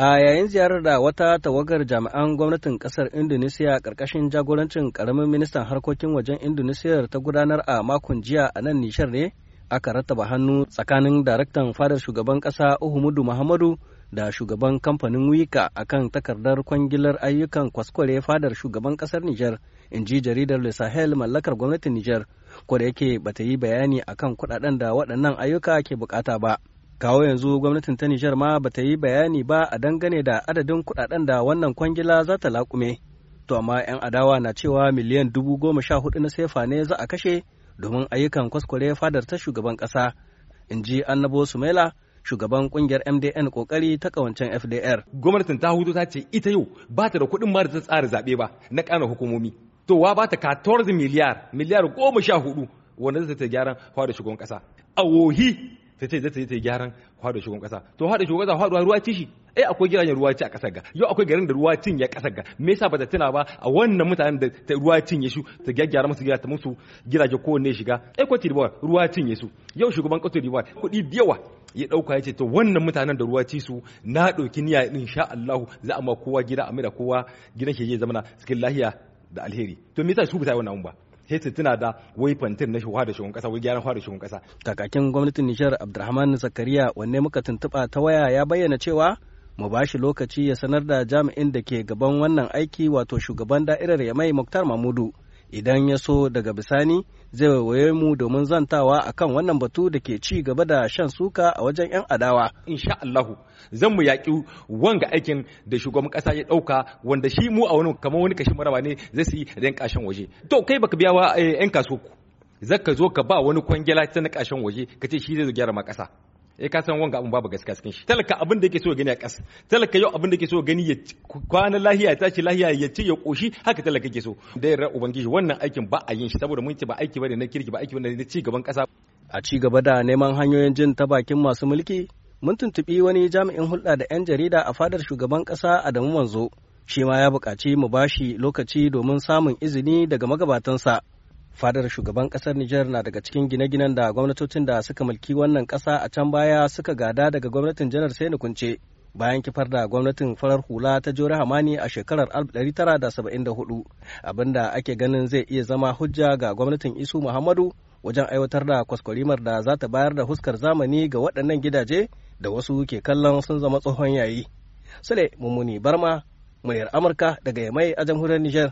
A yayin ziyarar da wata tawagar jami'an gwamnatin kasar Indonesia ƙarƙashin jagorancin ƙaramin ministan harkokin wajen Indonesia ta gudanar a makon jiya a nan nishar ne aka rattaba hannu tsakanin daraktan fadar shugaban ƙasa Uhumudu Muhammadu da shugaban kamfanin Wika akan takardar kwangilar ayyukan kwaskware fadar shugaban ƙasar Nijar in ji jaridar Le Sahel mallakar gwamnatin Nijar ko da yake bata yi bayani akan kuɗaɗen da waɗannan ayyuka ke bukata ba. kawo yanzu gwamnatin ta nijar ma ba ta yi bayani ba a dangane da adadin kudaden da wannan kwangila za ta lakume, to amma 'yan adawa na cewa miliyan dubu goma sha hudu na sefa ne za a kashe domin ayyukan kwaskware fadar ta shugaban ƙasa in ji annabo sumaila shugaban kungiyar MDN kokari ta kawancen FDR. Gwamnatin ta hudu ta ce ita yau ba ta da kuɗin ma da ta tsara zaɓe ba na ƙana hukumomi. To wa ba ta 14 miliyar miliyar goma sha hudu wanda za ta gyaran fadar shugaban ƙasa. Awohi sai sai zai ta yi gyaran kwado shugaban kasa to haɗa shugaban kasa faɗuwa ruwa ci shi eh akwai gidajen ruwa ci a ƙasar ga yau akwai garin da ruwa cin ya ƙasar ga me yasa ba ta tuna ba a wannan mutanen da ta ruwa cin ya shu ta gyaggyara musu gida ta musu gidaje ne shiga eh ko d'Ivoire ruwa cin ya su yau shugaban Cote d'Ivoire kuɗi da yawa ya dauka ya ce to wannan mutanen da ruwa ci su na ɗauki niyya in sha Allah za a ma kowa gida a mai da kowa gidan shi zai zama cikin lahiya da alheri to me yasa su ba wannan ba sai su da wai fantin na da shugaban kasa wai gyaran fara shugaban kasa kakakin gwamnatin Nijar Abdulrahman Zakariya wanne muka tuntuba ta waya ya bayyana cewa mu ba shi lokaci ya sanar da jami'in da ke gaban wannan aiki wato shugaban da'irar Yamai Muktar Mamudu idan ya so daga bisani zai waiwaye mu domin zantawa a kan wannan batu da ke ci gaba da shan suka a wajen 'yan adawa. Insha Allahu zan mu yaƙi wanga aikin da shugaban ƙasa ya ɗauka wanda shi mu a wani kamar wani kashi maraba ne zai su yi ran ƙashin waje. To kai baka biya wa eh, 'yan kasuwa zaka zo ka ba wani kwangila ta na ƙashen waje ka ce shi zai gyara ma ƙasa. eh ka san wanga abun babu gaskiya cikin shi talaka abin da yake so gani a ƙasa. talaka yau abin da yake so gani ya kwana lahiya ya tashi lahiya ya ce ya koshi haka talaka yake so da yarda ubangiji wannan aikin ba a yin shi saboda mun ce ba aiki bane na kirki ba aiki bane na ci gaban kasa a ci gaba da neman hanyoyin jin ta bakin masu mulki mun tuntubi wani jami'in hulɗa da 'yan jarida a fadar shugaban ƙasa Adamu Manzo shi ma ya buƙaci mu bashi lokaci domin samun izini daga magabatansa fadar shugaban kasar Nijar na daga cikin gine-ginen da gwamnatocin da suka mulki wannan kasa a can baya suka gada daga gwamnatin janar sai kunce bayan kifar da gwamnatin farar hula ta jori hamani a shekarar 1974 abinda ake ganin zai iya zama hujja ga gwamnatin isu muhammadu wajen aiwatar da kwaskwarimar da za ta bayar da huskar zamani ga waɗannan gidaje da wasu ke kallon sun zama tsohon yayi sule mummuni barma muryar amurka daga yamai a jamhuriyar nijar